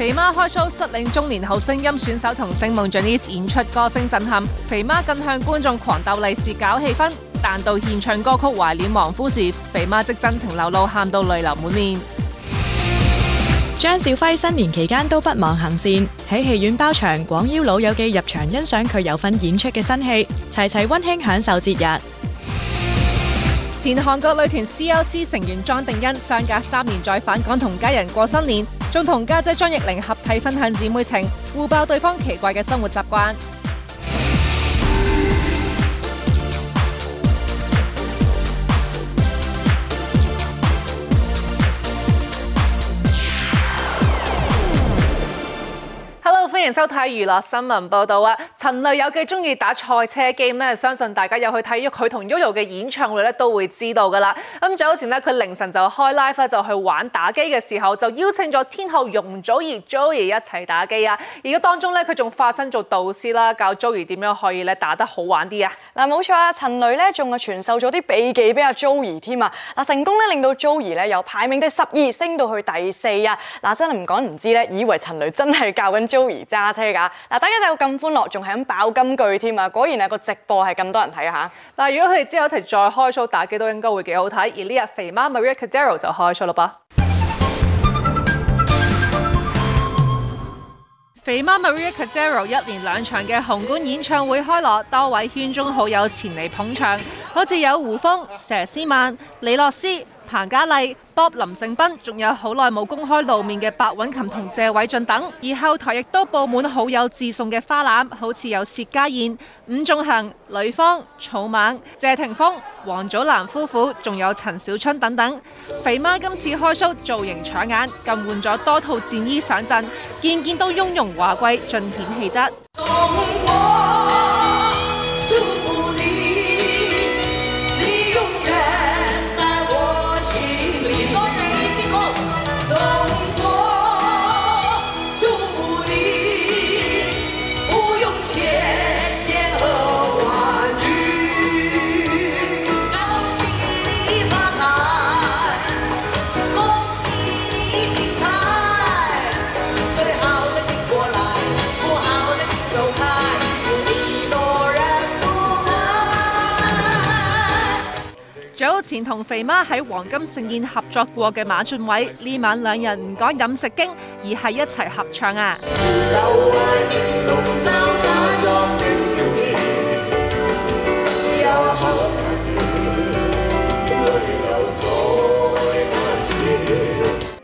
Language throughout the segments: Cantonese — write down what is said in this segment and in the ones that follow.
肥媽開 show 率領，中年好聲音選手同星夢 Jenice 演出歌聲震撼，肥媽更向觀眾狂斗利是搞氣氛。但到獻唱歌曲懷念亡夫時，肥媽即真情流露，喊到淚流滿面。張兆輝新年期間都不忘行善，喺戲院包場，廣邀老友記入場欣賞佢有份演出嘅新戲，齊齊溫馨享受節日。前韓國女團 CLC 成員莊定欣相隔三年再返港同家人過新年。仲同家姐張逸玲合體分享姊妹情，互爆對方奇怪嘅生活習慣。歡迎收睇娛樂新聞報道啊！陳雷有幾中意打賽車 game 咧，相信大家有去睇佢同 Yoyo 嘅演唱會咧，都會知道噶啦。咁早前咧，佢凌晨就開 live 就去玩打機嘅時候，就邀請咗天后容祖兒 Joey 一齊打機啊！而喺當中咧，佢仲化身做導師啦，教 Joey 點樣可以咧打得好玩啲啊！嗱，冇錯啊，陳雷咧仲係傳授咗啲秘技俾阿 Joey 添啊！嗱，成功咧令到 Joey 咧由排名第十二升到去第四啊！嗱，真係唔講唔知咧，以為陳雷真係教緊 Joey。揸車㗎嗱！大家睇到咁歡樂，仲係咁爆金句添啊！果然係個直播係咁多人睇嚇。但係，如果佢哋之後一齊再開 show 打機，都應該會幾好睇。而呢日肥媽 Maria Cordero 就開 show 啦噃。肥媽 Maria Cordero 一連兩場嘅紅館演唱會開落，多位圈中好友前嚟捧場，好似有胡楓、佘詩曼、李洛斯。彭家麗、Bob 林正斌，仲有好耐冇公開露面嘅白韻琴同謝偉俊等，而後台亦都佈滿好友自送嘅花籃，好似有薛家燕、伍仲衡、呂方、草蜢、謝霆鋒、王祖藍夫婦，仲有陳小春等等。肥媽今次開騷造型搶眼，更換咗多套戰衣上陣，件件都雍容華貴，盡顯氣質。之前同肥媽喺黃金盛宴合作過嘅馬俊偉，呢晚兩人唔講飲食經，而係一齊合唱啊。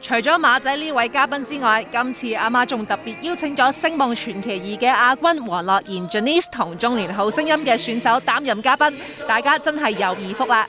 除咗馬仔呢位嘉賓之外，今次阿媽仲特別邀請咗聲夢傳奇二嘅亞軍黃樂賢、Janice 同中年好聲音嘅選手擔任嘉賓，大家真係有耳福啦。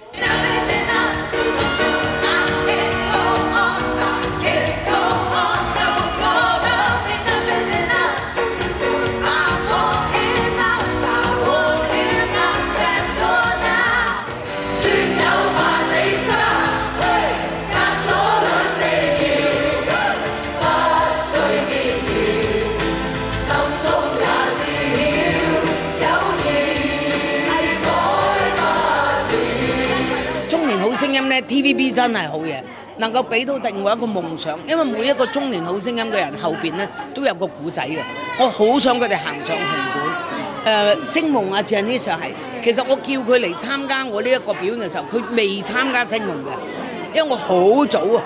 T.V.B 真係好嘢，能夠俾到另外一個夢想，因為每一個中年好聲音嘅人後邊咧都有個古仔嘅。我好想佢哋行上紅館，誒星夢阿鄭啲上係。其實我叫佢嚟參加我呢一個表演嘅時候，佢未參加星夢嘅，因為我好早啊。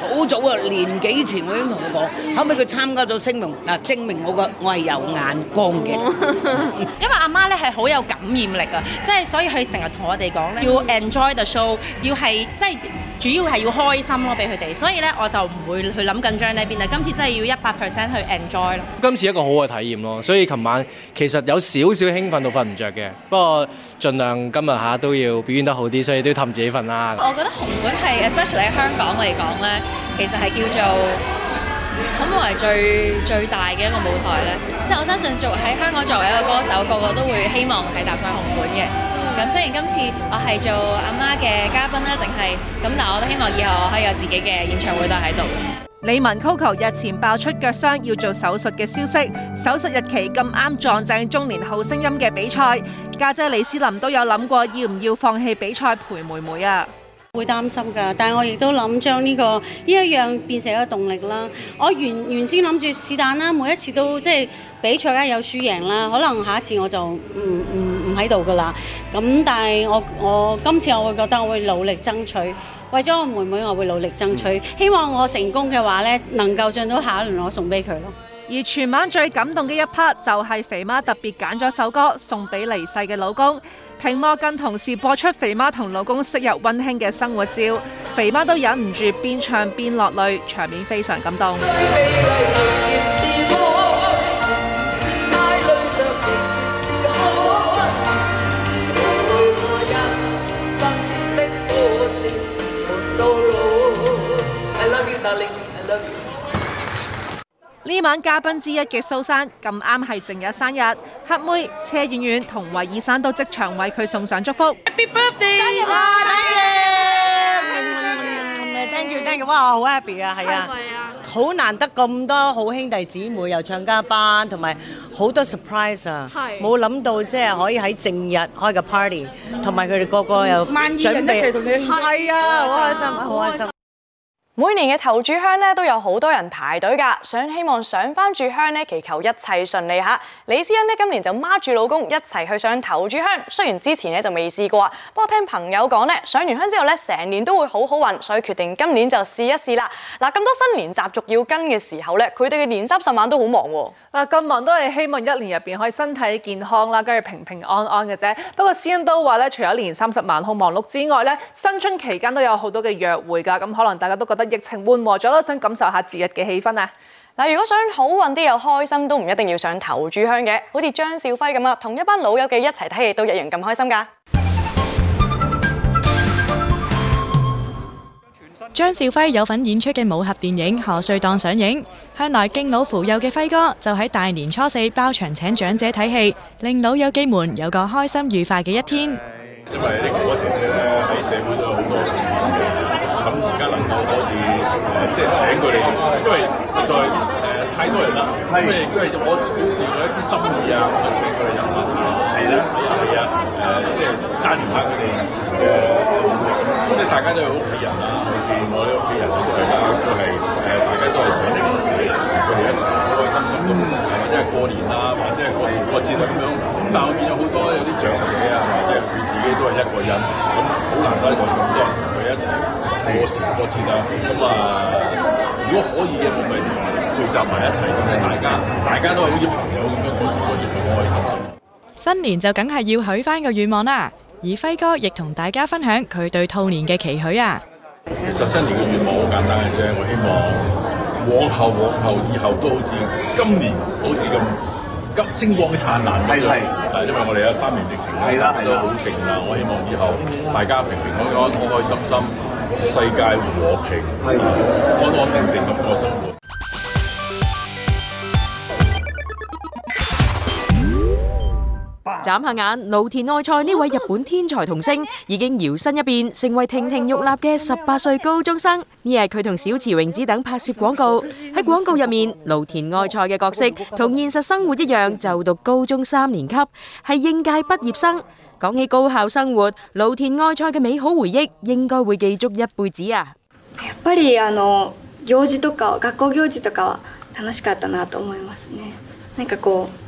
好早啊，年幾前我已經同佢講，後尾佢參加咗聲夢嗱，證明我個我係有眼光嘅。嗯、 因為阿媽咧係好有感染力啊，即係所以佢成日同我哋講咧，要 enjoy the show，要係即係。就是主要係要開心咯，俾佢哋。所以咧，我就唔會去諗緊張呢邊啦。今次真係要一百 percent 去 enjoy 咯。今次一個好嘅體驗咯。所以琴晚其實有少少興奮到瞓唔著嘅，不過盡量今日下都要表演得好啲，所以都要氹自己瞓啦。我覺得紅館係，especially 喺香港嚟講咧，其實係叫做。可唔可以最最大嘅一個舞台咧？即係我相信做喺香港作為一個歌手，個個都會希望係踏上紅館嘅。咁雖然今次我係做阿媽嘅嘉賓啦，淨係咁，但係我都希望以後我可以有自己嘅演唱會都喺度。李玟 CoCo 日前爆出腳傷要做手術嘅消息，手術日期咁啱撞正中年好聲音嘅比賽。家姐李詩琳都有諗過要唔要放棄比賽陪妹妹啊？會擔心噶，但係我亦都諗將呢個呢一樣變成一個動力啦。我原原先諗住是但啦，每一次都即係比賽啦，有輸贏啦，可能下一次我就唔唔唔喺度噶啦。咁但係我我今次我會覺得我會努力爭取，為咗我妹妹我會努力爭取。希望我成功嘅話呢，能夠進到下一輪，我送俾佢咯。而全晚最感動嘅一 part 就係肥媽特別揀咗首歌送俾離世嘅老公。屏幕更同時播出肥媽同老公昔日溫馨嘅生活照，肥媽都忍唔住邊唱邊落淚，場面非常感動。呢晚嘉賓之一嘅蘇珊咁啱係正日生日，黑妹、車婉婉同維爾山都即場為佢送上祝福。Happy birthday！啊，得嘅，thank you thank you，哇，好 happy 啊，係啊，好難得咁多好兄弟姊妹又唱家班，同埋好多 surprise 啊，冇諗到即係可以喺正日開個 party，同埋佢哋個個又準備，係啊，好開心啊，好開心。每年嘅頭柱香咧，都有好多人排隊噶，想希望上翻柱香咧，祈求一切順利吓。李思欣今年就媽住老公一齊去上頭柱香，雖然之前咧就未試過，不過聽朋友講咧，上完香之後咧，成年都會很好好運，所以決定今年就試一試啦。嗱，咁多新年習俗要跟嘅時候咧，佢哋嘅年三十晚都好忙喎。嗱，咁忙都係希望一年入面可以身體健康啦，跟住平平安安嘅啫。不過師恩都話咧，除咗年三十晚好忙碌之外咧，新春期間都有好多嘅約會㗎。咁可能大家都覺得疫情緩和咗啦，想感受下節日嘅氣氛啊。嗱，如果想好運啲又開心，都唔一定要上頭柱香嘅。好似張兆輝咁啊，同一班老友記一齊睇戲都一樣咁開心㗎。張兆輝有份演出嘅武俠電影賀歲檔上映，向來敬老扶幼嘅輝哥，就喺大年初四包場請長者睇戲，令老友記們有個開心愉快嘅一天。我哋屋企人過嚟都係誒，大家都係想呢個問題佢哋一齊開開心心咁，係咪？即係過年啊，或者係過時過節啊咁樣。咁但係我見咗好多有啲長者啊，即係佢自己都係一個人，咁好難得同咁多人同佢一齊過時過節啊。咁啊，如果可以嘅，我咪聚集埋一齊，即係大家大家都係好似朋友咁樣過時過節，咁開心。新年就梗係要許翻個願望啦，而輝哥亦同大家分享佢對兔年嘅期許啊！其實新年嘅願望好簡單嘅啫，我希望往後往後以後都好似今年好似咁急星光燦爛，係係，係因為我哋有三年疫情都好靜啊，我希望以後大家平平安安、開開心心，深深世界和平，安安定定咁過生活。眨下眼，蘆田愛菜呢位日本天才童星已經搖身一變，成為亭亭玉立嘅十八歲高中生。呢日佢同小池榮子等拍攝廣告，喺廣告入面，蘆田愛菜嘅角色同現實生活一樣，就讀高中三年級，係應屆畢業生。講起高校生活，蘆田愛菜嘅美好回憶應該會記足一輩子啊！やっぱりあの行事とか學校行事とかは楽しかったなと思いますね。なんかこう。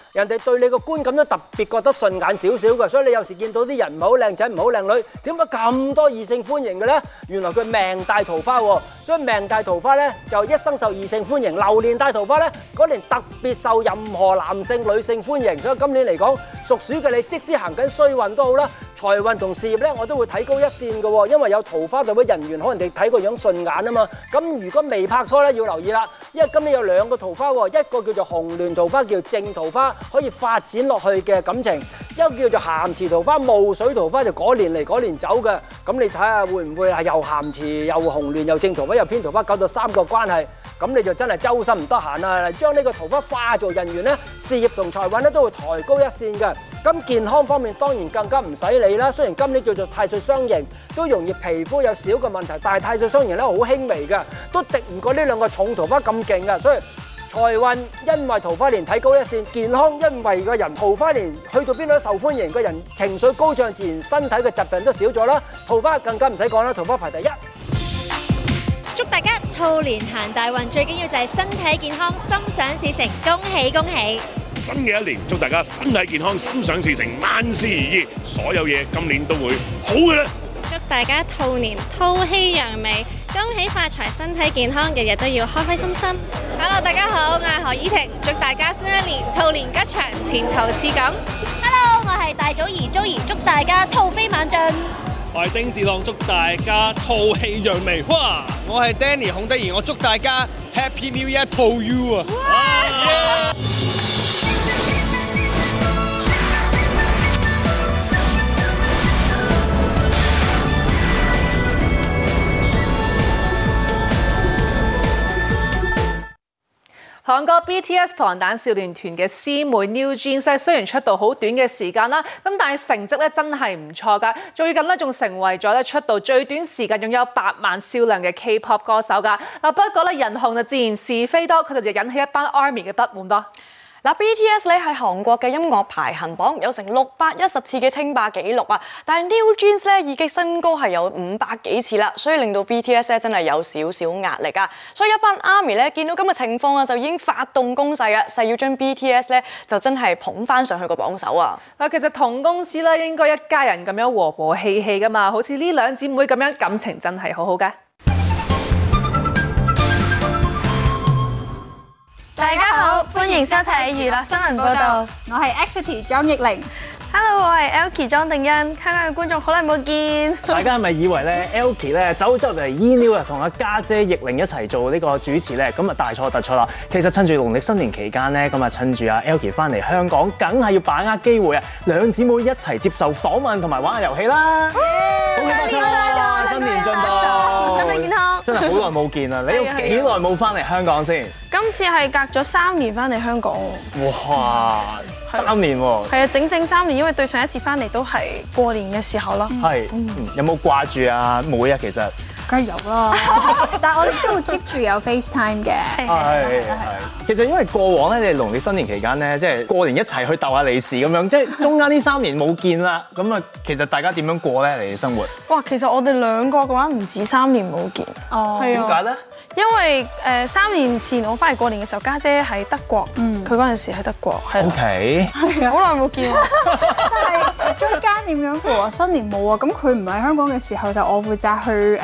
人哋對你個觀感都特別覺得順眼少少㗎，所以你有時見到啲人唔好靚仔唔好靚女，點解咁多異性歡迎嘅呢？原來佢命帶桃花喎，所以命帶桃花呢，就一生受異性歡迎，流年帶桃花呢，嗰年特別受任何男性女性歡迎，所以今年嚟講，屬鼠嘅你即使行緊衰運都好啦。財運同事業咧，我都會睇高一線嘅喎，因為有桃花代表人緣，可能你睇個樣順眼啊嘛。咁如果未拍拖咧，要留意啦，因為今年有兩個桃花喎，一個叫做紅鸞桃花，叫正桃花，可以發展落去嘅感情；一個叫做鹹池桃花、霧水桃花，就嗰年嚟嗰年走嘅。咁你睇下會唔會係又鹹池又紅鸞又正桃花又偏桃花，搞到三角關係，咁你就真係周身唔得閒啦！將呢個桃花化做人緣咧，事業同財運咧都會抬高一線嘅。咁健康方面當然更加唔使理。啦雖然今年叫做太歲相刑，都容易皮膚有少嘅問題，但係太歲相刑好輕微嘅，都敵唔過呢兩個重桃花咁勁，所以財運因為桃花年睇高一線，健康因為個人桃花年去到邊度都受歡迎，個人情緒高漲，自然身體嘅疾病都少咗啦，桃花更加唔使講啦，桃花排第一。祝大家，兔年行大運最緊要就係身體健康，心想事成，恭喜恭喜!新嘅一年，祝大家身體健康，心想事成，萬事如意，所有嘢今年都會好嘅啦！祝大家兔年兔氣揚眉，恭喜發財，身體健康，日日都要開開心心。Hello，大家好，我係何依婷，祝大家新一年兔年吉祥，前途似錦。Hello，我係大祖兒，祖兒祝大家兔飛猛進。我係丁子朗，祝大家兔氣揚眉。哇！我係 Danny 孔德怡，我祝大家 Happy New Year to you 啊！韓國 BTS 防彈少年團嘅師妹 New Jeans 雖然出道好短嘅時間啦，但係成績真係唔錯㗎。最近還仲成為咗出道最短時間擁有百萬銷量嘅 K-pop 歌手㗎。不過人紅就自然是非多，佢就引起一班 ARMY 嘅不滿啦。BTS 喺韓國嘅音樂排行榜有成六百一十次嘅稱霸紀錄啊，但 New Jeans 已經新高係有五百幾次喇，所以令到 BTS 真係有少少壓力啊。所以一班 Army 見到咁嘅情況啊，就已經發動攻勢嘅，誓要將 BTS 咧就真係捧返上去個榜首啊！其實同公司應該一家人咁樣和和氣氣噶嘛，好似呢兩姐妹咁樣感情真係好好嘅。大家，大家好，歡迎收睇娛樂新聞報道。我係 Xity 張逸玲，Hello，我係 Elky 張定欣。香港嘅觀眾好耐冇見，大家係咪以為咧 Elky 咧 走咗入嚟 Enews 同阿家姐逸玲一齊做呢個主持咧？咁啊大錯特錯啦！其實趁住農曆新年期間咧，咁啊趁住阿 Elky 翻嚟香港，梗係要把握機會啊！兩姊妹一齊接受訪問同埋玩下遊戲啦。Yeah! 好耐冇見啦！你有幾耐冇翻嚟香港先？今次係隔咗三年翻嚟香港。哇！三年喎。係啊，整整三年，因為對上一次翻嚟都係過年嘅時候咯。係，有冇掛住啊？每日其實。梗係有啦， 但係我哋都會 keep 住有 FaceTime 嘅。係係。其實因為過往咧，你哋農曆新年期間咧，即係過年一齊去逗下利是咁樣，即係中間呢三年冇見啦。咁啊，其實大家點樣過咧？你哋生活？哇，其實我哋兩個嘅話唔止三年冇見。哦。點解咧？因為誒三年前我翻嚟過年嘅時候，家姐喺德國。嗯。佢嗰陣時喺德國。O K。好耐冇見啦。係中間點樣過啊？ 新年冇啊？咁佢唔喺香港嘅時候，就我負責去誒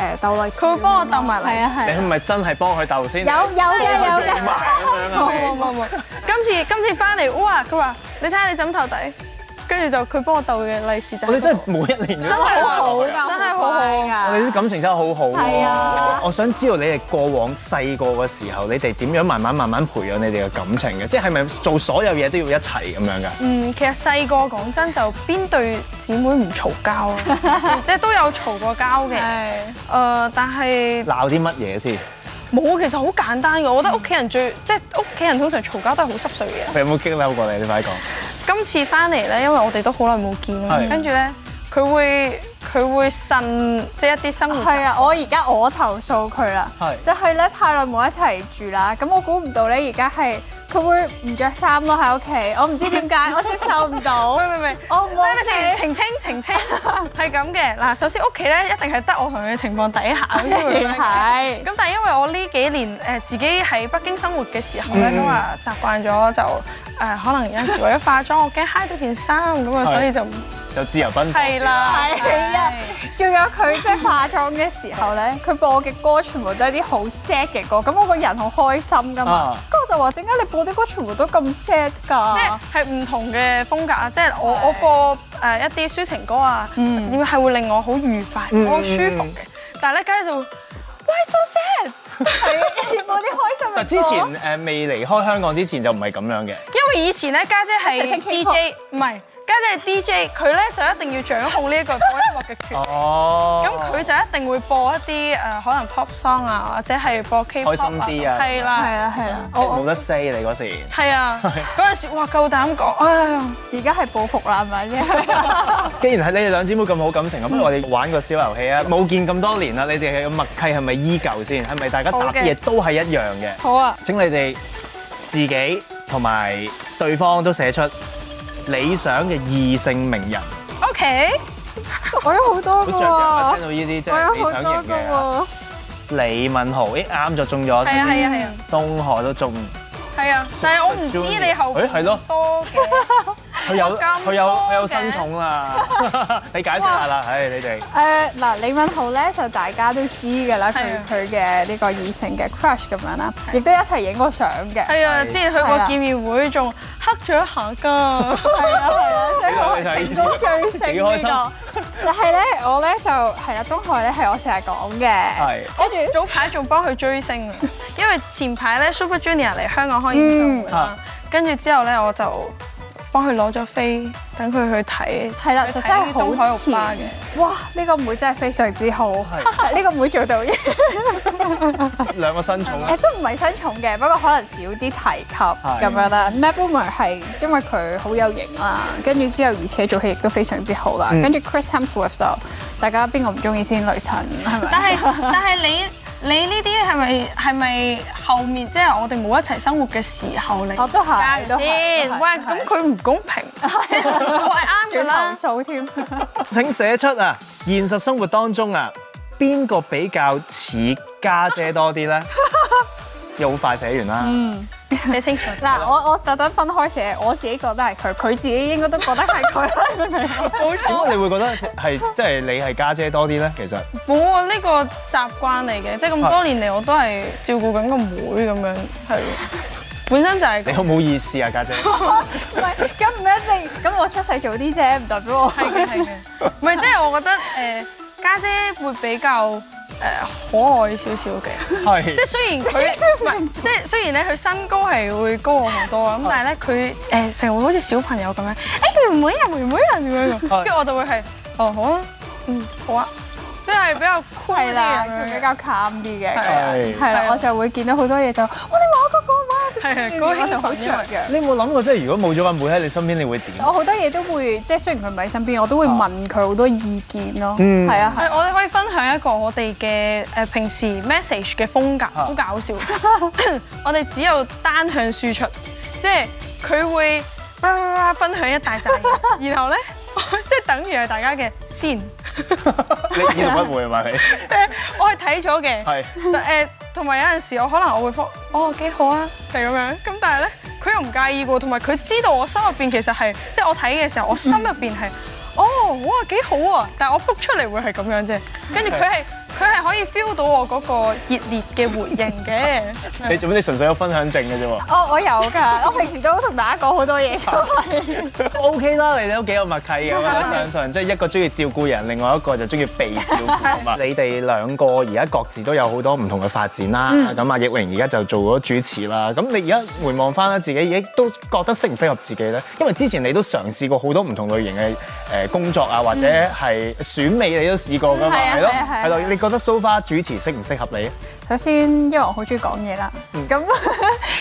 佢會幫我鬥埋，嚟、啊，啊係、啊。你係咪真係幫佢鬥先？有有嘅有嘅。冇冇冇冇。今次今次翻嚟，哇！佢話：你睇下你枕頭底。跟住就佢幫我逗嘅利是就我哋真係每一年都真係好好㗎，真係好好㗎。我哋啲感情真係好好。係啊，我想知道你哋過往細個嘅時候，你哋點樣慢慢慢慢培養你哋嘅感情嘅？即係係咪做所有嘢都要一齊咁樣㗎？嗯，其實細個講真就邊對姊妹唔嘈交啊？即係都有嘈過交嘅、呃。但係鬧啲乜嘢先？冇，其實好簡單嘅，我覺得屋企人最即係屋企人通常嘈交都係好濕碎嘅。你有冇激嬲過你？你快講。今次翻嚟咧，因為我哋都好耐冇見啦，跟住咧佢會佢會呻，即係一啲生活。係啊，我而家我投訴佢啦，係就係咧太耐冇一齊住啦，咁我估唔到咧而家係。佢會唔着衫咯喺屋企，我唔知點解， 我接受唔到。明唔明？我唔會。澄清澄清，係咁嘅。嗱，首先屋企咧一定係得我同佢嘅情況底下先 會咁樣嘅。係。咁但係因為我呢幾年誒、呃、自己喺北京生活嘅時候咧，咁、嗯、啊習慣咗就。誒、呃、可能有時為咗化妝， 我驚嗨咗件衫咁啊，所以就就自由奔放係啦，係啊。仲有佢即係化妝嘅時候咧，佢播嘅歌全部都係啲好 sad 嘅歌，咁我個人好開心噶嘛。咁我就話點解你播啲歌全部都咁 sad 㗎？即係唔同嘅風格啊，即係、就是、我我播誒一啲、呃、抒情歌啊，點樣係會令我好愉快、好舒服嘅。嗯、但係咧，今日就。Why so sad？係有冇啲開心啊？之前誒未、呃、離開香港之前就唔係咁樣嘅。因為以前咧家姐係 DJ，唔係。跟住 DJ 佢咧就一定要掌控呢一個音樂嘅權力，咁佢就一定會播一啲誒可能 pop song 啊，或者係播 K pop，開心啲啊，係啦，係啦，係啦，冇得 say 你嗰時。係啊，嗰陣時哇夠膽講，唉，而家係報復啦，係咪先？既然係你哋兩姊妹咁好感情，不如我哋玩個小遊戲啊！冇見咁多年啦，你哋嘅默契係咪依舊先？係咪大家答嘅嘢都係一樣嘅？好啊！請你哋自己同埋對方都寫出。理想嘅異性名人，OK，我有好多個。聽到呢啲，我有好多個。李敏豪，啱就中咗。係啊係啊係啊。東河都中。係啊，但係我唔知你後邊多嘅。佢有佢有佢有新寵啦！ 你解釋下啦，唉，你哋誒嗱，李敏浩咧就大家都知㗎啦，佢佢嘅呢個異性嘅 crush 咁樣啦，亦都一齊影過相嘅。係啊，之前去過見面會仲黑咗一下㗎。係啊係啊，所以佢成功追星，呢個，超開心。但係咧，我咧就係啊，東海咧係我成日講嘅，跟住早排仲幫佢追星，因為前排咧 Super Junior 嚟香港開演唱會啦，跟、嗯、住、啊、之後咧我就。幫佢攞咗飛，等佢去睇。係啦，就真係好前嘅。哇，呢、這個妹真係非常之好，呢、這個妹做到嘢。 兩個新寵啊？都唔係新寵嘅，不過可能少啲提及咁樣啦。Matt Bomer 係因為佢好有型啦，跟住之後而且做戲亦都非常之好啦。跟、嗯、住 Chris Hemsworth，就大家邊個唔中意先？雷神係咪？但係但係你。 你呢啲係咪係咪後面即係、就是、我哋冇一齊生活嘅時候你我都係，都係。喂，咁佢唔公平，我係啱住啦。仲投訴添？ 請寫出啊，現實生活當中啊，邊個比較似家姐，姐多啲咧？ 又快寫完啦。嗯你清楚嗱，我我特登分開寫，我自己覺得係佢，佢自己應該都覺得係佢。冇咁啊，點解你會覺得係即係你係家姐，姐多啲咧？其實本我，呢個習慣嚟嘅，即係咁多年嚟我都係照顧緊個妹咁樣，係 本身就係你好唔好意思啊，家姐，姐。唔 係，咁唔一定，咁我出世早啲啫，唔代表我係嘅，係 嘅。唔係，即係、就是、我覺得誒，家、呃、姐，姐會比較。呃、可愛少少嘅，即係雖然佢唔係，即係雖然咧，佢身高係會高我好多咁，但係咧，佢成日會好似小朋友咁樣，哎妹妹啊妹妹啊妹妹，跟住我就會係，哦好啊，嗯好啊，即係比較 cute 嘅，佢、嗯、比較慚啲嘅，係啦，我就會見到好多嘢就，哇、哦、你我嗰、那個。係啊，嗰一刻好著嘅。你有冇諗過即係如果冇咗阿妹喺你身邊，你會點？我好多嘢都會，即係雖然佢唔喺身邊，我都會問佢好多意見咯。嗯，係啊，係、啊。我哋可以分享一個我哋嘅誒平時 message 嘅風格，好、啊、搞笑。 我哋只有單向輸出，即係佢會分享一大堆，然後咧。即 係等於係大家嘅先 你完全不會嘛？你我係睇咗嘅，係 誒、呃，同埋有陣時我可能我會覆，哦幾好啊，就係咁樣，咁但係咧佢又唔介意㗎喎，同埋佢知道我心入邊其實係，即、就、係、是、我睇嘅時候我心入邊係，哦，哇幾好啊，但係我覆出嚟會係咁樣啫，跟住佢係。Okay. 佢係可以 feel 到我嗰個熱烈嘅回應嘅。你做咩？你純粹有分享證嘅啫喎。 哦，我有㗎，我平時都同大家講好多嘢。O K 啦，你哋都幾有默契嘅嘛。 相信 即係一個中意照顧人，另外一個就中意被照顧。 你哋兩個而家各自都有好多唔同嘅發展啦。咁啊，易詠而家就做咗主持啦。咁你而家回望翻啦，自己亦都覺得適唔適合自己咧？因為之前你都嘗試過好多唔同類型嘅誒工作啊，或者係選美你都試過㗎嘛，係、嗯、咯、嗯，係咯、啊，你個、啊。覺得 so far 主持適唔適合你？首先，因為我好中意講嘢啦，咁、嗯、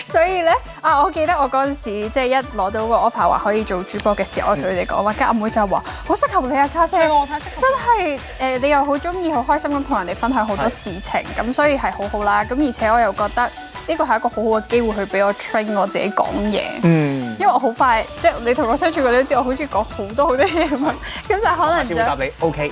所以咧啊，我記得我嗰陣時即係、就是、一攞到一個 offer 話可以做主播嘅時候，我同佢哋講話，跟、嗯、阿妹，妹就話好適合你啊，家姐，姐，我真係誒、呃，你又好中意、好開心咁同人哋分享好多事情，咁所以係好好啦。咁而且我又覺得。呢個係一個很好好嘅機會去俾我 train 我自己講嘢，嗯，因為我好快，即、就、係、是、你同我相處嗰，你都知我很很多很多，我好中意講好多好多嘢嘛，咁就可能，先答你，OK。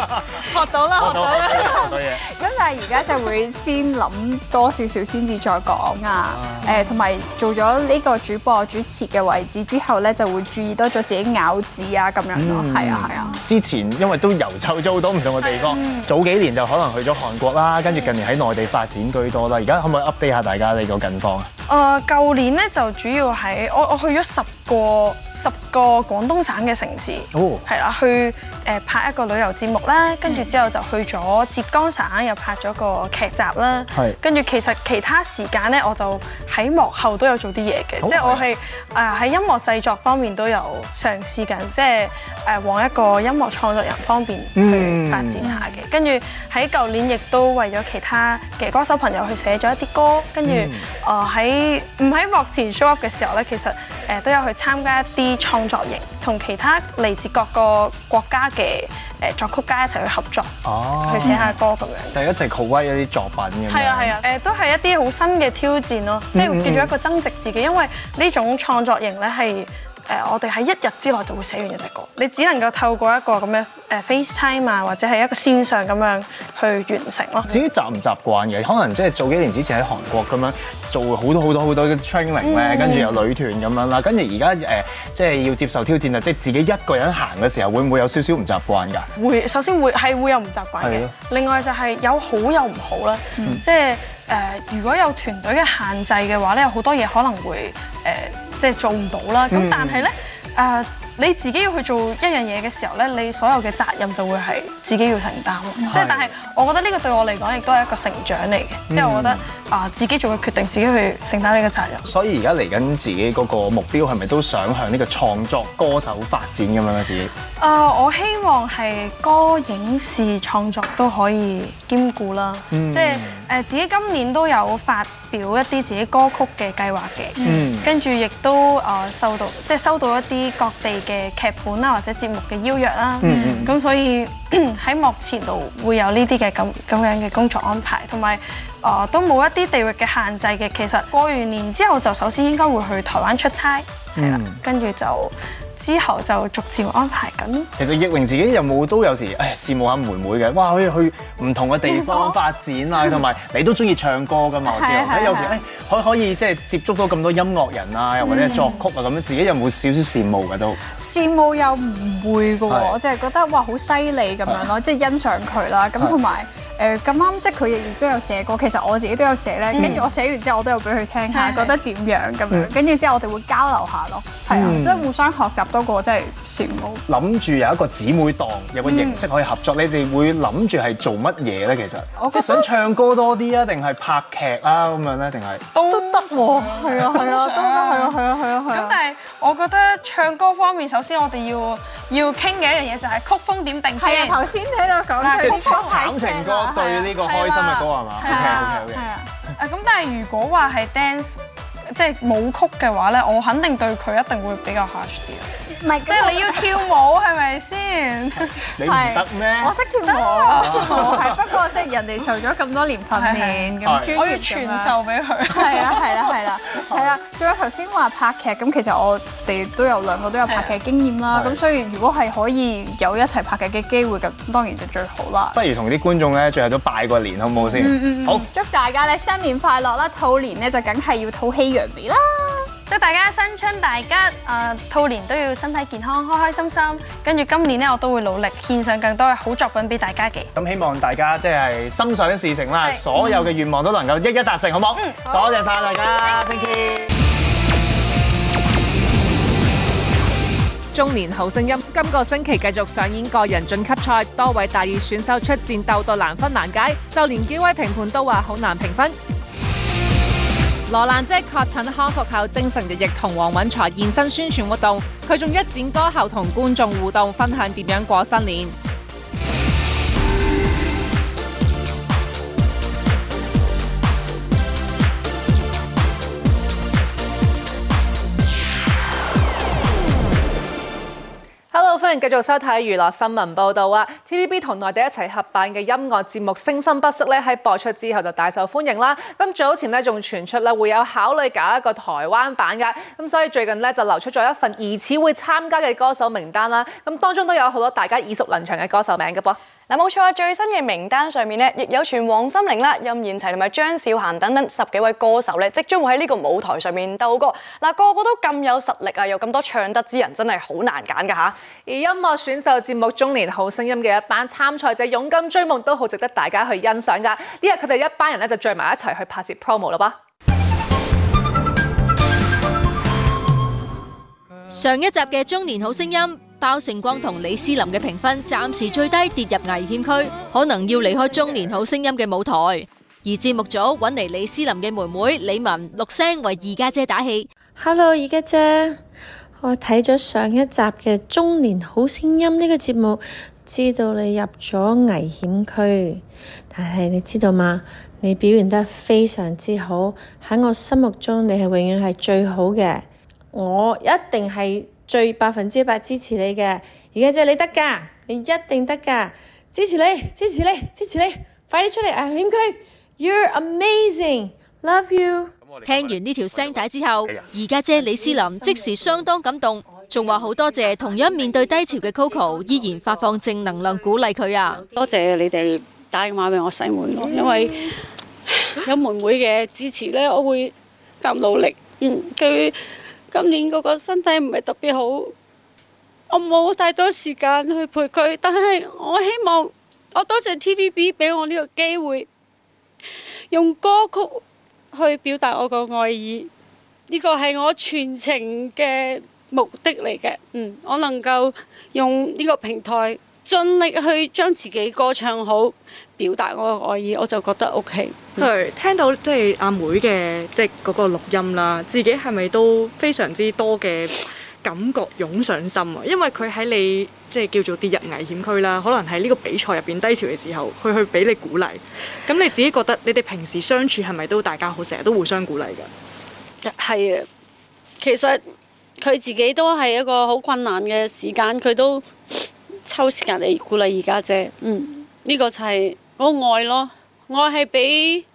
學到啦，學到啦。好多嘢。咁但係而家就會先諗多少少先至再講啊，誒，同埋做咗呢個主播主持嘅位置之後咧，就會注意多咗自己咬字、嗯、啊咁樣咯，係啊係啊。之前因為都遊走租到唔同嘅地方、啊，早幾年就可能去咗韓國啦，跟、嗯、住近年喺內地發展居多啦，而家可唔可以 update 下大家你個近況啊！誒，舊年咧就主要係我我去咗十個十個廣東省嘅城市，哦係啦，去誒、呃、拍一個旅遊節目啦，跟住之後就去咗浙江省又拍咗個劇集啦，係。跟住其實其他時間咧，我就喺幕後都有做啲嘢嘅，oh. 即係我係誒喺音樂製作方面都有嘗試緊，即係誒、呃、往一個音樂創作人方面去發展下嘅。跟住喺舊年亦都為咗其他嘅歌手朋友去寫咗一啲歌，跟住誒喺唔喺幕前 show up 嘅時候咧，其實誒、呃、都有去參加一啲。啲創作型同其他嚟自各個國家嘅誒作曲家一齊去合作，哦、去寫下歌咁、嗯、樣，就一齊好威一啲作品咁。係啊係啊，誒、啊、都係一啲好新嘅挑戰咯，即、嗯、係、就是、叫做一個增值自己、嗯嗯，因為呢種創作型咧係，誒，我哋喺一日之內就會寫完一隻歌，你只能夠透過一個咁嘅誒 FaceTime 啊，或者係一個線上咁樣去完成咯。至於習唔習慣嘅，可能即係做幾年之前喺韓國咁樣做好多好多好多嘅 training 咧，跟住有女團咁樣啦，跟住而家誒即係要接受挑戰啦，即係自己一個人行嘅時候，會唔會有少少唔習慣㗎？會，首先會係會有唔習慣嘅。是的，另外就係有好有唔好啦，嗯、即係誒、呃，如果有團隊嘅限制嘅話咧，有好多嘢可能會誒。呃即係做唔到啦，咁但係咧，誒、嗯。Uh, 你自己要去做一樣嘢嘅時候咧，你所有嘅責任就會係自己要承擔。即係，但係我覺得呢個對我嚟講亦都係一個成長嚟嘅。即係我覺得啊，自己做嘅決定，自己去承擔呢個責任。所以而家嚟緊自己嗰個目標係咪都想向呢個創作歌手發展咁樣咧？自己啊，我希望係歌、影、視創作都可以兼顧啦。即係誒，自己今年都有發表一啲自己歌曲嘅計劃嘅。嗯，跟住亦都啊，收到即係收到一啲各地嘅劇本啦，或者節目嘅邀約啦，咁、mm-hmm. 所以喺目前度會有呢啲嘅咁咁樣嘅工作安排，同埋啊都冇一啲地域嘅限制嘅。其實過完年之後就首先應該會去台灣出差，係、mm-hmm. 啦，跟住就。之後就逐漸安排緊。其實易榮自己有冇都有時誒、哎、羨慕下妹妹嘅，哇！可以去唔同嘅地方發展啊，同、嗯、埋你都中意唱歌㗎嘛？我知道，有時誒可、哎、可以即係、就是、接觸到咁多音樂人啊，又或者作曲啊咁、嗯、樣，自己有冇少少羨慕㗎都？羨慕又唔會㗎喎，我就係覺得哇好犀利咁樣咯，即係、就是、欣賞佢啦。咁同埋誒咁啱，即係佢亦都有寫過，其實我自己都有寫咧。跟、嗯、住我寫完之後，我都有俾佢聽下，覺得點樣咁樣。跟、嗯、住之後，我哋會交流下咯，係啊，即、嗯、係、就是、互相學習。多個真係羨慕，諗住有一個姊妹檔，有個形式可以合作，嗯、你哋會諗住係做乜嘢咧？其實即係想唱歌多啲啊，定係拍劇啊咁樣咧，定係都得喎，係啊係啊，都得係啊係啊係啊係啊。咁但係我覺得唱歌方面，首先我哋要要傾嘅一樣嘢就係曲風點定先。係頭先喺度講嘅即係慘情歌對呢個開心嘅歌係嘛？係啊係啊。咁但係如果話係 dance 即係舞曲嘅話咧，我肯定對佢一定會比較 harsh 啲。唔係，即係你要跳舞係咪先？你唔得咩？ 我識跳舞啊！我 係不過即係、就是、人哋受咗咁多年訓練咁專業嘅，可以傳授俾佢。係啦係啦係啦，係啦。仲有頭先話拍劇，咁其實我哋都有兩個都有拍劇嘅經驗啦。咁所以如果係可以有一齊拍劇嘅機會，咁當然就最好啦。不如同啲觀眾咧，最後都拜個年好唔好先？嗯嗯嗯。好，祝大家咧新年快樂啦！兔年咧就梗係要吐氣揚眉啦！祝大家新春大吉，啊兔年都要身體健康，開開心心。跟住今年呢，我都會努力獻上更多嘅好作品俾大家嘅。咁希望大家即係心想事成啦，所有嘅願望都能夠一一達成，好冇？嗯，多謝曬大家，thank you。中年好聲音今個星期繼續上演個人晉級賽，多位大二選手出戰，鬥到難分難解，就連幾位評判都話好難評分。羅蘭姐確診康復後，精神日日同黃允財現身宣傳活動，佢仲一展歌喉同觀眾互動，分享點樣過新年。歡迎繼續收睇娛樂新聞報道啊！TVB 同內地一齊合辦嘅音樂節目《聲生不息》咧，喺播出之後就大受歡迎啦。咁早前咧仲傳出啦，會有考慮搞一個台灣版噶。咁所以最近咧就流出咗一份疑似會參加嘅歌手名單啦。咁當中都有好多大家耳熟能詳嘅歌手名噶噃。嗱冇錯啊！最新嘅名單上面咧，亦有傳王心凌啦、任賢齊同埋張韶涵等等十幾位歌手咧，即將會喺呢個舞台上面鬥歌。嗱，個個都咁有實力啊，又咁多唱得之人，真係好難揀噶吓。而音樂選秀節目《中年好聲音》嘅一班參賽者，勇敢追夢都好值得大家去欣賞噶。呢日佢哋一班人咧就聚埋一齊去拍攝 promo 啦噃。上一集嘅《中年好聲音》。包勝光同李思琳嘅評分暫時最低，跌入危險區，可能要離開《中年好聲音》嘅舞台。而節目組揾嚟李思琳嘅妹妹李文錄聲為二家姐打氣。Hello，二家姐，我睇咗上一集嘅《中年好聲音》呢個節目，知道你入咗危險區。但係你知道嗎？你表現得非常之好，喺我心目中你係永遠係最好嘅。我一定係最百分之一百支持你嘅，而家姐你得㗎，你一定得㗎，支持你，支持你，支持你，快啲出嚟啊！選區，You're amazing，Love you。聽完呢條聲帶之後，而家姐李思琳即時相當感動，仲話好多謝同樣面對低潮嘅 Coco，依然發放正能量鼓勵佢啊！多謝你哋打電話俾我細妹囉，因為有妹妹嘅支持咧，我會更努力。嗯，佢。今年嗰個身體唔係特別好，我冇太多時間去陪佢，但係我希望，我多謝 TVB 俾我呢個機會，用歌曲去表達我個愛意，呢個係我全程嘅目的嚟嘅。嗯，我能夠用呢個平台盡力去將自己歌唱好。表達我個愛意，我就覺得 OK、嗯。係聽到即係阿妹嘅即係嗰、嗰個錄音啦，自己係咪都非常之多嘅感覺湧上心啊？因為佢喺你即係叫做跌入危險區啦，可能喺呢個比賽入邊低潮嘅時候，佢去俾你鼓勵。咁你自己覺得你哋平時相處係咪都大家好，成日都互相鼓勵㗎？係啊，其實佢自己都係一個好困難嘅時間，佢都抽時間嚟鼓勵二家姐。嗯，呢、呢個就係、係。我愛咯，愛係比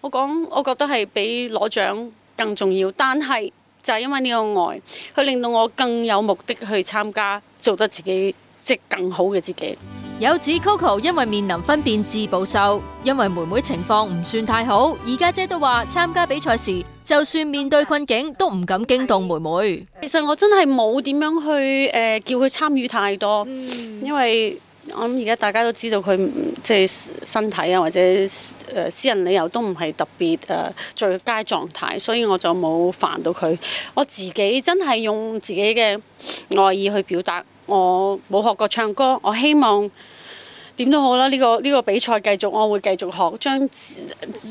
我講，我覺得係比攞獎更重要。但係就係、是、因為呢個愛，佢令到我更有目的去參加，做得自己即更好嘅自己。有指 Coco 因為面臨分辨自保修，因為妹妹情況唔算太好，而家姐，姐都話參加比賽時，就算面對困境都唔敢驚動妹妹。其實我真係冇點樣去、呃、叫佢參與太多，因為。我諗而家大家都知道佢即係身體啊，或者誒私人理由都唔係特別誒最佳狀態，所以我就冇煩到佢。我自己真係用自己嘅愛意去表達。我冇學過唱歌，我希望點都好啦。呢個呢個比賽繼續，我會繼續學，將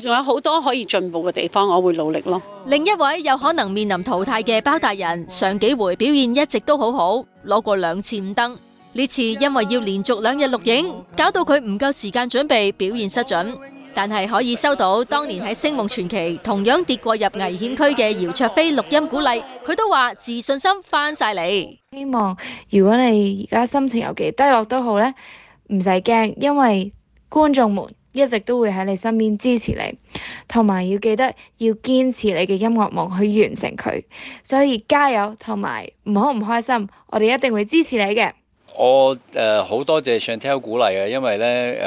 仲有好多可以進步嘅地方，我會努力咯。另一位有可能面臨淘汰嘅包大人，上幾回表現一直都好好，攞過兩次五燈。呢次因為要連續兩日錄影，搞到佢唔夠時間準備，表現失準。但係可以收到當年喺《聲夢傳奇》同樣跌過入危險區嘅姚焯菲錄音鼓勵，佢都話自信心翻晒嚟。希望如果你而家心情有幾低落都好呢，唔使驚，因為觀眾們一直都會喺你身邊支持你，同埋要記得要堅持你嘅音樂夢去完成佢。所以加油，同埋唔好唔開心，我哋一定會支持你嘅。我誒好多謝 Chantelle 鼓勵嘅，因為咧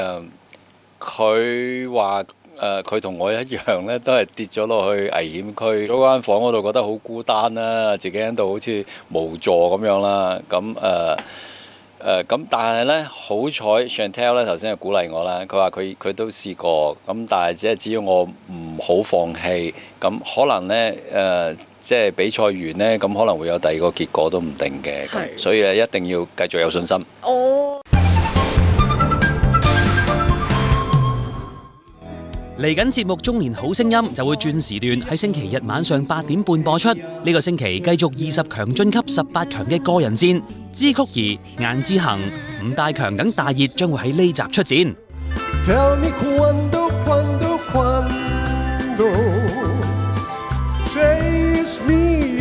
誒，佢話誒佢同我一樣咧，都係跌咗落去危險區嗰間房嗰度，覺得好孤單啦，自己喺度好似無助咁樣啦，咁誒誒咁，但係咧好彩 Chantelle 咧頭先係鼓勵我啦，佢話佢佢都試過，咁但係只係只要我唔好放棄，咁可能咧誒。呃即係比賽完呢，咁可能會有第二個結果都唔定嘅，所以咧一定要繼續有信心。哦、嚟緊節目《中年好聲音》就會轉時段喺星期日晚上八點半播出。呢個星期繼續二十強晉級十八強嘅個人戰，之曲兒、顏之恒、吳大強等大熱將會喺呢集出戰。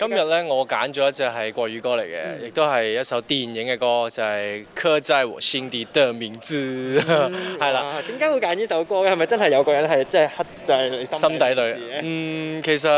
今日咧，我揀咗一隻係國語歌嚟嘅，亦都係一首電影嘅歌，就係、是《刻在我心底的名字》嗯。係啦，點 解會揀呢首歌嘅？係咪真係有個人係即係刻喺你心，心底嘅嗯，其實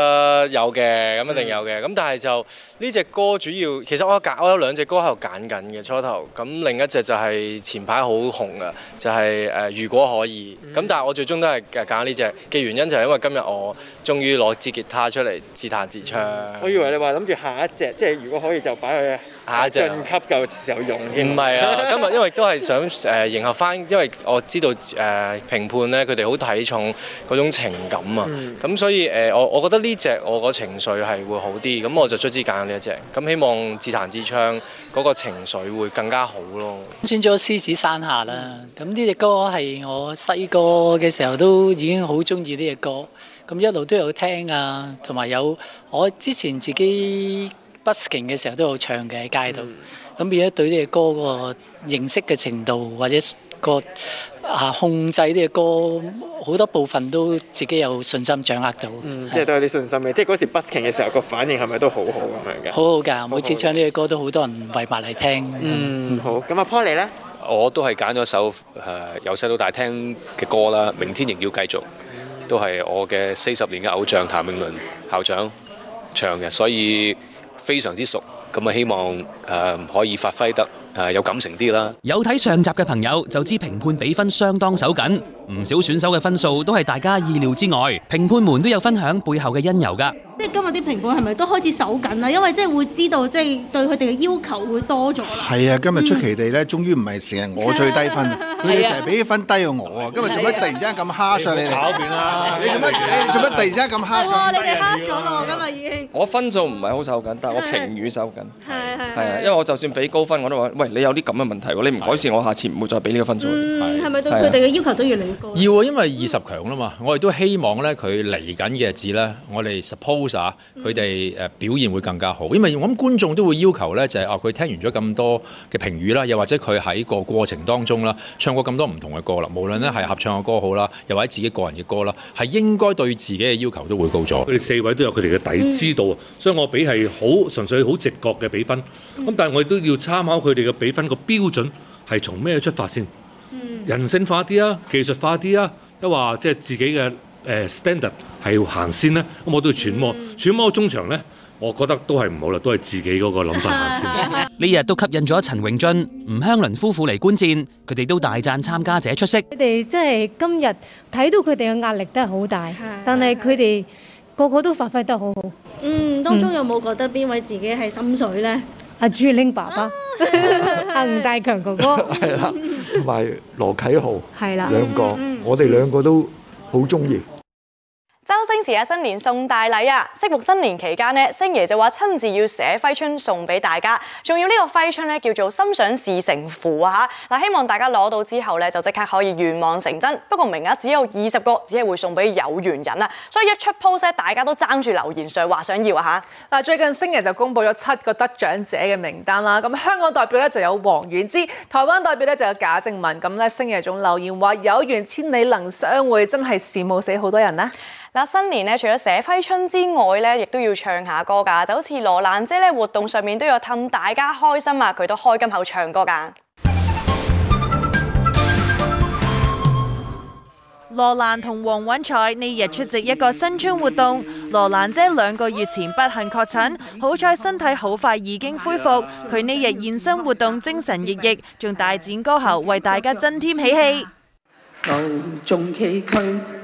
有嘅，咁一定有嘅。咁、嗯、但係就呢隻歌主要，其實我揀我有兩隻歌喺度揀緊嘅初頭。咁另一隻就係前排好紅嘅，就係、是、誒、呃、如果可以。咁、嗯、但係我最終都係揀呢隻嘅原因就係因為今日我終於攞支吉他出嚟自彈自唱。嗯，我以為你話諗住下一隻，即係如果可以就擺去下一隻晉級嘅時候用？唔係啊，今日因為都係想誒、呃、迎合返，因為我知道誒、呃、評判咧，佢哋好睇重嗰種情感啊。咁、嗯、所以誒、呃，我我覺得呢隻我個情緒係會好啲，咁我就出資揀呢一隻。咁希望自彈自唱嗰、那個情緒會更加好咯。選咗《獅子山下》啦，咁呢隻歌係我細個嘅時候都已經好鍾意呢隻歌。咁一路都有聽啊，同埋有我之前自己 busking 嘅時候都有唱嘅喺街度。咁而家對呢隻歌個認識嘅程度，或者個啊控制呢隻歌好多部分都自己有信心掌握到。嗯，即係都有啲信心嘅。即係嗰時 busking 嘅時候個反應係咪都好好咁樣嘅？好好㗎，每次唱呢隻歌都好多人圍埋嚟聽。嗯，好。咁阿 Polly 咧？我都係揀咗首誒由細到大聽嘅歌啦，《明天仍要繼續》。都係我嘅四十年嘅偶像譚詠麟校長唱嘅，所以非常之熟。咁啊，希望誒可以發揮得。誒，有感情啲啦。有睇上集嘅朋友就知評判比分相當手緊，唔少選手嘅分數都係大家意料之外。評判們都有分享背後嘅因由㗎。即係今日啲評判係咪都開始手緊啦？因為即係會知道，即係對佢哋嘅要求會多咗啦。係啊，今日出奇地咧，終於唔係成日我最低分，佢哋成日俾啲分低我啊。今日做乜突然之間咁蝦上嚟？搞掂啦！你做乜？你做乜？突然之間咁蝦上嚟？你哋蝦咗咯，我今日已經。我分數唔係好手緊，但係我評語手緊。係係係。係啊，因為我就算俾高分，我都話。喂，你有啲咁嘅問題，你唔改善，我下次唔會再俾呢個分數。嗯，係咪對佢哋嘅要求都要更高？要啊，因為二十強啊嘛，嗯、我哋都希望咧，佢嚟緊嘅日子咧，我哋 suppose 啊，佢哋誒表現會更加好，因為我諗觀眾都會要求咧，就係、是、啊，佢聽完咗咁多嘅評語啦，又或者佢喺個過程當中啦，唱過咁多唔同嘅歌啦，無論咧係合唱嘅歌好啦，又或者自己個人嘅歌啦，係應該對自己嘅要求都會高咗。佢哋四位都有佢哋嘅底、嗯、知道，啊，所以我比係好純粹好直覺嘅比分，咁、嗯、但係我亦都要參考佢哋嘅。俾分個標準係從咩出發先？嗯、人性化啲啊，技術化啲啊，又話即係自己嘅 standard 係要先行先咧。咁我都要揣摩揣摩中場呢，我覺得都係唔好啦，都係自己嗰個諗法先行先。呢、嗯、日都吸引咗陳榮峻、吳香倫夫婦嚟觀戰，佢哋都大讚參加者出色。佢哋即係今日睇到佢哋嘅壓力都係好大，嗯、但係佢哋個個都發揮得好好。嗯，當中有冇覺得邊位自己係心水呢？阿、嗯啊、朱玲爸爸。.阿 吳大強強哥哥係 啦，同埋羅啟豪係啦，兩 兩個 我哋兩個都好中意。周星馳嘅新年送大禮啊！適逢新年期間呢，星爺就話親自要寫揮春送俾大家，仲要呢個揮春咧叫做《心想事成符》啊！嗱，希望大家攞到之後咧就即刻可以願望成真。不過名額只有二十個，只係會送俾有緣人啦。所以一出 post 大家都爭住留言上話想要嚇嗱。最近星爺就公布咗七個得獎者嘅名單啦。咁香港代表咧就有黃遠之，台灣代表咧就有賈靜雯。咁咧星爺仲留言話：有緣千里能相會，真係羨慕死好多人啦！嗱，新年咧，除咗寫揮春之外咧，亦都要唱下歌噶，就好似羅蘭姐咧，活動上面都要氹大家開心啊，佢都開金口唱歌噶。羅蘭同黃允彩呢日出席一個新春活動，羅蘭姐兩個月前不幸確診，好彩身體好快已經恢復，佢呢日現身活動，精神奕奕，仲大展歌喉，為大家增添喜氣。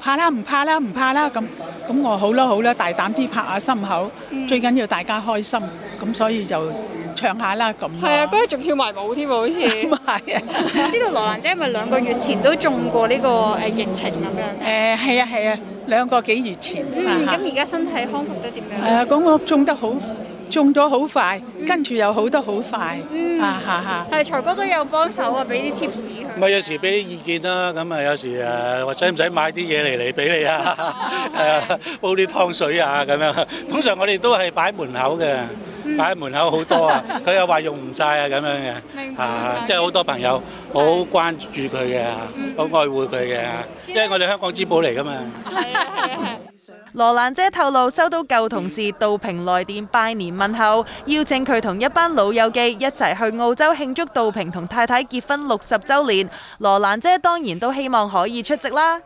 怕啦，唔怕啦，唔怕啦，咁咁我好啦，好啦，大膽啲拍下心口，最緊要大家開心，咁所以就唱下啦，咁。係啊，嗰日仲跳埋舞添喎，好似。咁啊係啊。唔知道羅蘭姐係咪兩個月前都中過呢個誒疫情咁樣？誒係啊係啊，兩個幾月前。嗯，咁而家身體康復得點樣？係啊，咁我中得好。中咗好快，嗯、跟住又好得好快，嗯、啊哈哈！係財哥都有幫手、嗯嗯嗯嗯嗯嗯、啊，俾啲貼士佢。咪有時俾啲意見啦，咁啊有時啊，或使唔使買啲嘢嚟嚟俾你啊？誒、啊啊啊，煲啲湯水啊，咁樣、嗯。通常我哋都係擺門口嘅、嗯嗯，擺喺門口好多啊。佢、嗯、又話用唔晒啊，咁樣嘅，啊，即係好多朋友好關注佢嘅，好、嗯、愛護佢嘅、嗯，因為我哋香港之寶嚟噶嘛。係啊係啊係。 羅蘭姐透露收到舊同事杜平來電拜年問候，邀請佢同一班老友記一齊去澳洲慶祝杜平同太太結婚六十周年。羅蘭姐當然都希望可以出席啦。誒、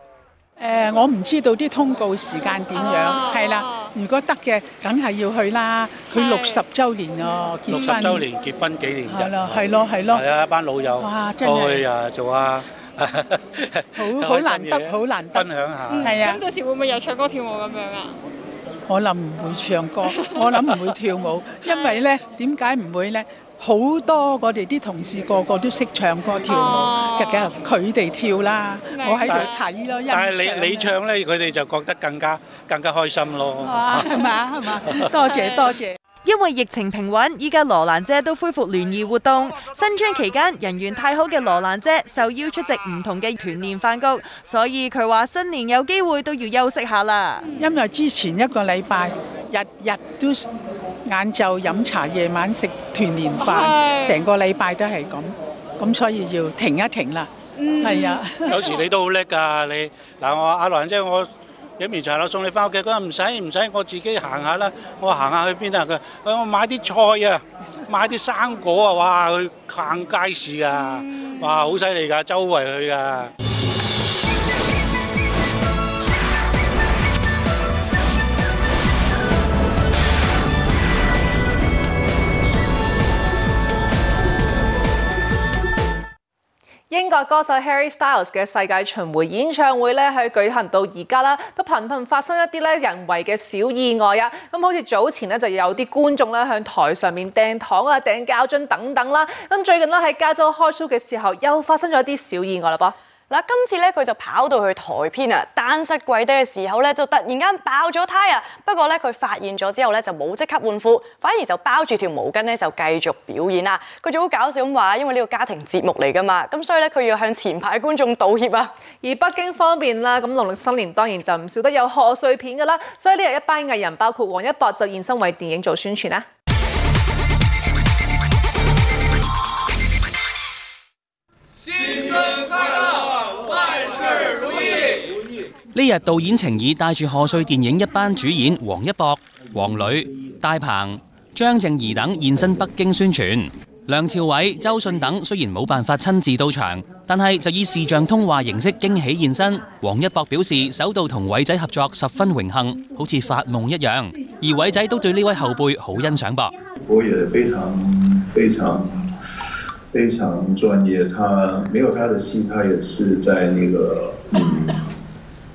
呃，我唔知道啲通告時間點樣，係、啊、啦，如果得嘅，梗係要去啦。佢六十周年哦，六十周年結婚紀念日，係咯，係咯，係啊，一班老友，哇，真係去啊，做啊。好好難得好難得，分享下，係啊！咁到時會唔會又唱歌跳舞咁樣啊？我諗唔會唱歌，我諗唔會跳舞，因為咧，點解唔會咧？好多我哋啲同事個個都識唱歌跳舞，日日佢哋跳啦，我喺度睇咯。但係你你唱咧，佢哋就覺得更加更加開心咯。啊，係嘛係嘛，多謝多謝。因為疫情平穩，依家羅蘭姐都恢復聯誼活動。新春期間人緣太好嘅羅蘭姐受邀出席唔同嘅團年飯局，所以佢話新年有機會都要休息下啦。因為之前一個禮拜日日都晏晝飲茶、夜晚食團年飯，成個禮拜都係咁，咁所以要停一停啦。係啊，有時你都好叻㗎，你嗱我阿羅蘭姐我。飲完茶咯，送你翻屋企。佢話唔使唔使，我自己行下啦。我行下去邊啊？佢，佢話我買啲菜啊，買啲生果啊，哇！去行街市啊，哇！好犀利噶，周圍去啊。英國歌手 Harry Styles 嘅世界巡回演唱會咧，喺舉行到而家啦，都頻頻發生一啲咧人為嘅小意外啊！咁好似早前咧就有啲觀眾咧向台上面掟糖啊、掟膠樽等等啦。咁最近咧喺加州開 show 嘅時候，又發生咗一啲小意外啦噃。今次咧佢就跑到去台邊啊，單膝跪低嘅時候咧就突然間爆咗胎啊！不過咧佢發現咗之後咧就冇即刻換褲，反而就包住條毛巾咧就繼續表演啦。佢仲好搞笑咁話，因為呢個是家庭節目嚟噶嘛，咁所以咧佢要向前排觀眾道歉啊。而北京方面啦，咁農曆新年當然就唔少得有賀歲片噶啦，所以呢日一班藝人包括王一博就現身為電影做宣傳啦。呢日導演程耳帶住賀歲電影一班主演王一博、黃磊、大鵬、張靜怡等現身北京宣傳。梁朝偉、周迅等雖然冇辦法親自到場，但係就以視像通話形式驚喜現身。王一博表示首度同偉仔合作十分榮幸，好似發夢一樣。而偉仔都對呢位後輩好欣賞噃。我也非常、非常、非常專業。他沒有他的心，他也是在那個、嗯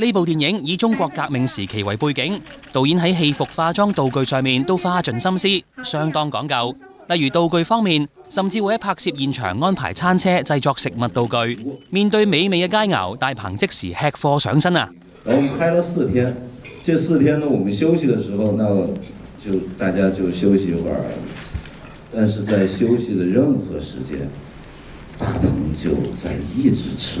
呢部電影以中國革命時期為背景，導演喺戲服、化妝、道具上面都花盡心思，相當講究。例如道具方面，甚至會喺拍攝現場安排餐車製作食物道具。面對美味嘅佳肴，大鵬即時吃貨上身啊！我拍了四天，這四天呢，我們休息的時候，那就大家就休息一會兒，但是在休息的任何時間，大鵬就在一直吃。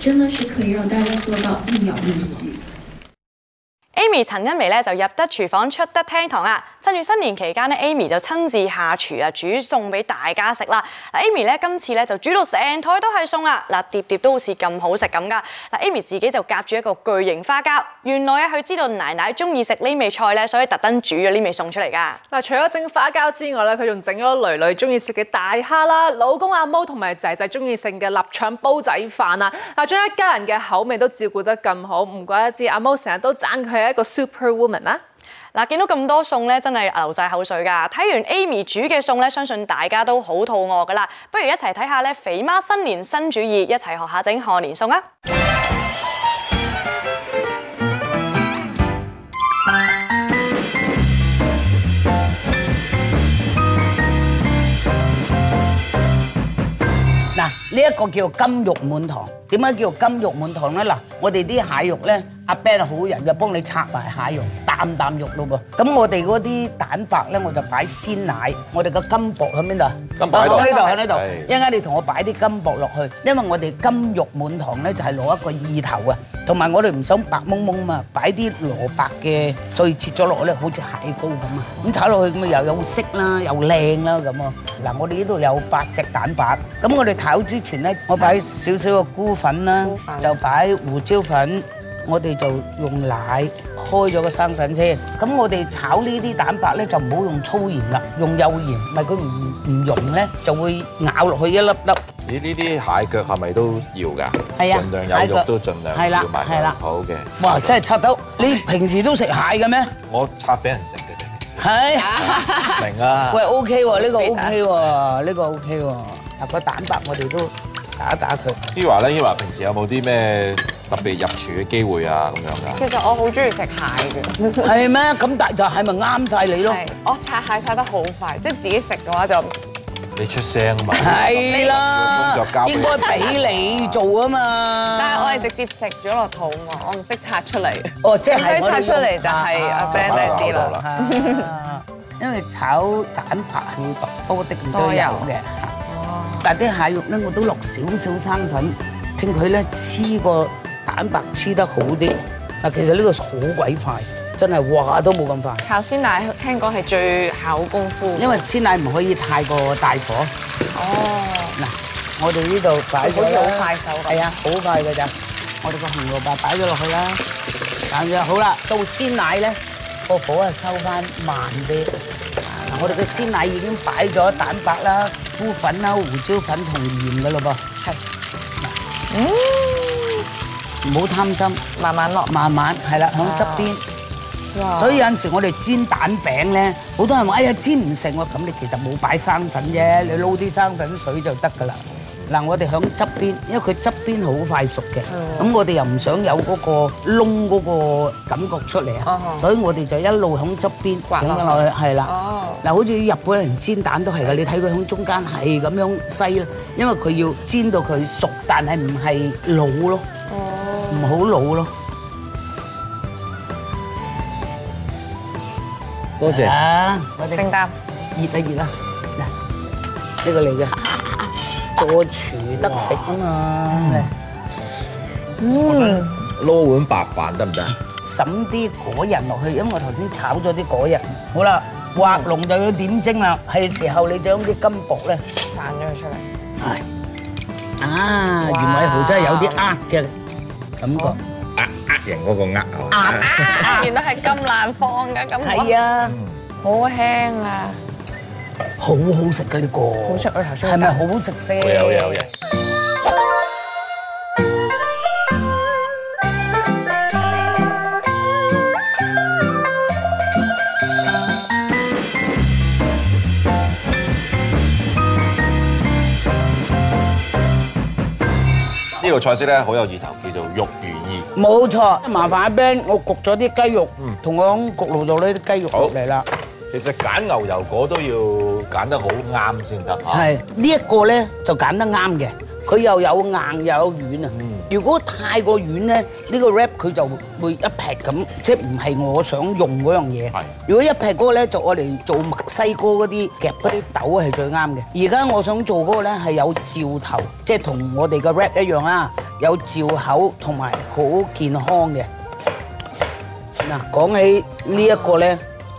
真的是可以讓大家做到一秒入戲。Amy 陳茵媺咧就入得廚房出得廳堂啊！趁住新年期間咧，Amy 就親自下廚啊，煮餸俾大家食啦。嗱，Amy 咧今次咧就煮到成枱都係餸啊！嗱，碟碟都好似咁好食咁噶。嗱，Amy 自己就夾住一個巨型花膠，原來啊佢知道奶奶中意食呢味菜咧，所以特登煮咗呢味餸出嚟噶。嗱，除咗蒸花膠之外咧，佢仲整咗囡囡中意食嘅大蝦啦，老公阿毛同埋仔仔中意食嘅臘腸煲仔飯啊！嗱，將一家人嘅口味都照顧得咁好，唔怪得之阿毛成日都讚佢。一個 superwoman 啦，啊，嗱，見到咁多餸咧，真係流晒口水噶。睇完 Amy 煮嘅餸咧，相信大家都好肚餓噶啦。不如一齊睇下咧，肥媽新年新主意，一齊學一下整賀年餸啊！嗱，呢一個叫做「金玉滿堂」。點解叫金玉滿堂咧？嗱，我哋啲蟹肉咧，阿 Ben 好人就幫你拆埋蟹肉，啖啖肉咯噃。咁我哋嗰啲蛋白咧，我就擺鮮奶。我哋個金箔喺邊度啊？金箔喺呢度，喺呢度。一陣間你同我擺啲金箔落去，因為我哋金玉滿堂咧就係攞一個意頭啊。同埋我哋唔想白蒙蒙啊，擺啲蘿蔔嘅碎切咗落去咧，好似蟹膏咁啊。咁炒落去咁啊，又有色啦，又靚啦，咁啊。嗱，我哋呢度有八隻蛋白。咁我哋炒之前咧，我擺少少個菇。菇粉啦，就擺胡椒粉。我哋就用奶開咗個生粉先。咁我哋炒呢啲蛋白咧，就唔好用粗鹽啦，用幼鹽，咪佢唔唔溶咧，就會咬落去一粒粒。你呢啲蟹腳係咪都要噶？係啊，盡量有肉都盡量。係啦，係啦，好嘅。哇，真係拆到！你平時都食蟹嘅咩？我拆俾人食嘅啫，平時。係。明呀。喂，OK 喎，呢個 OK 喎，呢個 OK 喎。啊，個蛋白我哋都。打一打佢。依華咧，依華平時有冇啲咩特別入廚嘅機會啊？咁樣噶。其實我好中意食蟹嘅。 係咩？咁但就係咪啱晒你咯？我拆蟹拆得好快，即係自己食嘅話就。你出聲啊嘛。係 啦。 工作應該俾你做啊嘛。 但係我係直接食咗落肚嘛，我唔識拆出嚟。哦，即係唔識拆出嚟就係阿、啊啊、Ben 呢啲啦。因為炒蛋白係多的都有嘅。嗱啲蟹肉咧，我都落少少生粉，聽佢咧黐個蛋白黐得好啲。嗱，其實呢個好鬼快，真係話都冇咁快。炒鮮奶聽講係最考功夫，因為鮮奶唔可以太過大火。哦，嗱，我哋呢度擺咗啦，好似好快手，係啊，好快噶咋？我哋個紅蘿蔔擺咗落去啦，但係好啦，到鮮奶咧，個火啊收翻慢啲。我哋嘅鮮奶已經擺咗蛋白啦、菇粉啦、胡椒粉同鹽嘅啦噃，係，唔好貪心，慢慢落，慢慢係啦，響側邊。所以有陣時我哋煎蛋餅咧，好多人話：哎呀煎唔成喎，咁你其實冇擺生粉啫，你撈啲生粉水就得㗎啦。嗱，我哋響側邊，因為佢側邊好快熟嘅，咁我哋又唔想有嗰個窿嗰個感覺出嚟啊，所以我哋就一路響側邊整落去，係啦。嗱，好似日本人煎蛋都係噶，你睇佢響中間係咁樣篩咯，因為佢要煎到佢熟，但係唔係老咯，唔好老咯。多謝啊，正擔熱得熱啦，嗱，呢個嚟㗎。做廚得食噶嘛，嗯，攞碗白飯得唔得？揼啲果仁落去，因為我頭先炒咗啲果仁。好啦，畫龍就要點睛啦，係時候你將啲金箔咧散咗佢出嚟。係，啊，袁偉豪真係有啲呃嘅感覺，呃人嗰個呃係嘛？啊啊！原來係咁難放㗎，金箔。係啊。好興啊！好好食嘅呢個，係咪好好食先？好嘢，好嘢，好嘢！呢道菜式咧好有意頭，叫做肉如意。冇錯，麻煩阿 Ben，我焗咗啲雞肉，同我喺焗爐度咧啲雞肉焗嚟啦。其實揀牛油果都要揀得好啱先得嚇。係呢一個咧就揀得啱嘅，佢又有硬又有軟啊。嗯，如果太過軟咧，呢個 wrap 佢就會一劈咁，即係唔係我想用嗰樣嘢。係。如果一劈嗰個咧，就我嚟做墨西哥嗰啲夾嗰啲豆係最啱嘅。而家我想做嗰個咧係有嚼頭，即係同我哋嘅 wrap 一樣啦，有嚼口同埋好健康嘅。嗱，講起呢一個咧。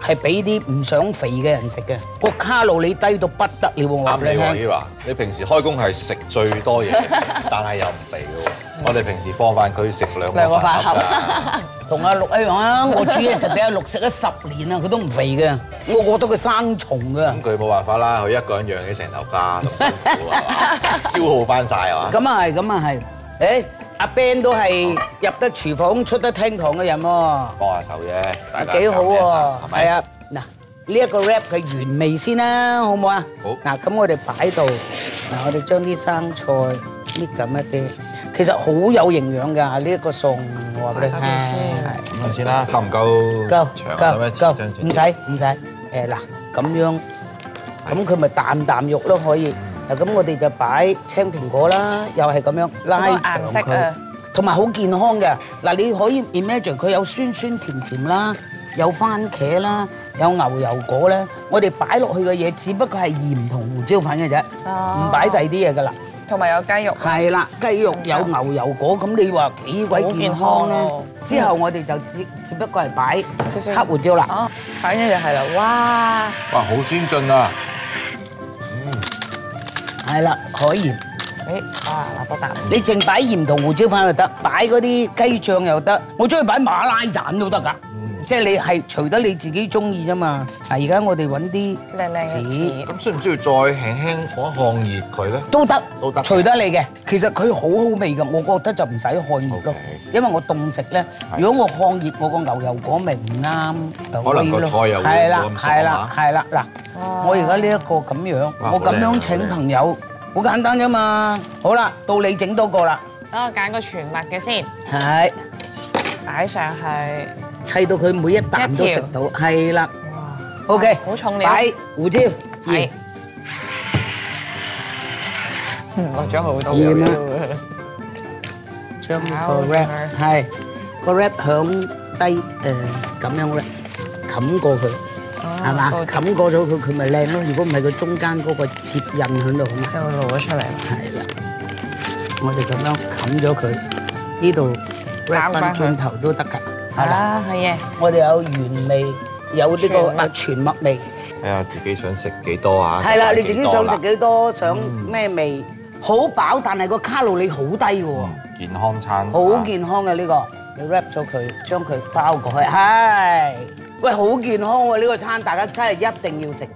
係俾啲唔想肥嘅人食嘅，個卡路里低到不得了喎！啱你喎呢話，你平時開工係食最多嘢， 但係又唔肥喎、嗯。我哋平時放飯區食兩個飯盒，同 阿陸一樣啊！我煮嘢食俾阿陸食咗十年啊，佢都唔肥嘅。我覺得佢生蟲㗎。咁佢冇辦法啦，佢一個人養起成頭家咁辛苦啊， 消耗翻了晒。啊 嘛。咁啊係，咁啊係，誒。阿 Ben 都係入得廚房出得廳堂嘅人喎，幫下手嘅，幾好喎，係啊，嗱呢一個 rap 嘅原味先啦，好唔好啊？好。嗱咁我哋擺度，嗱我哋將啲生菜搣緊一啲，其實好有營養噶呢一個餸，我話俾你聽。咁啊先啦，夠唔夠？夠。夠。夠咩？夠。唔使，唔使。誒嗱，咁樣，咁佢咪啖啖肉都可以。咁我哋就擺青蘋果啦，又係咁樣拉長佢，好有顏色嘅，同埋好健康嘅。嗱，你可以 imagine 佢有酸酸甜甜啦，有番茄啦，有牛油果咧。我哋擺落去嘅嘢，只不過係鹽同胡椒粉嘅啫，哦，唔擺第二啲嘢噶啦。同埋有雞肉。係啦，雞肉有牛油果，咁你話幾鬼健康咧？之後我哋就只只不過係擺黑胡椒啦。哦，咁樣就係啦，哇！哇，好先進啊！係啦，海鹽，誒、哎，啊，嗱，都得，你淨擺鹽同胡椒粉就得，擺嗰啲雞醬又得，我中意擺馬拉盞都得㗎。即係你係隨得你自己中意啫嘛。嗱，而家我哋揾啲靚靚嘅紙。咁需唔需要再輕輕放一放熱佢咧？都得，都得，隨得你嘅。其實佢好好味噶，我覺得就唔使放熱咯，因為我凍食咧。如果我放熱，我個牛油果味唔啱，就唔可以咯。係啦，係啦，係啦。嗱，我而家呢一個咁樣，我咁樣請朋友好簡單啫嘛。好啦，到你整多個啦。等我揀個全麥嘅先。係，擺上去。砌到佢每一啖都食到，係啦。哇！O K，好重嘅。擺胡椒，係。落咗好多鹽啊！將個 wrap，係，個 wrap 響低誒，咁樣咧，冚過佢，係嘛？冚過咗佢，佢咪靚咯。如果唔係，佢中間嗰個切印響度咁啊。即係攞咗出嚟。係啦，我哋咁樣冚咗佢，呢度 wrap 翻轉頭都得㗎。係啦，係啊，我哋有原味，有呢個啊全麥味。睇下自己想食幾多少啊？係啦，就是，你自己想食幾多少，嗯，想咩味？好飽，但係個卡路里好低喎，啊嗯。健康餐，好，好健康嘅，啊、呢、啊呢個，你 wrap 咗佢，將佢包過去，係。喂，好健康喎，啊、呢、呢個餐大家真係一定要食。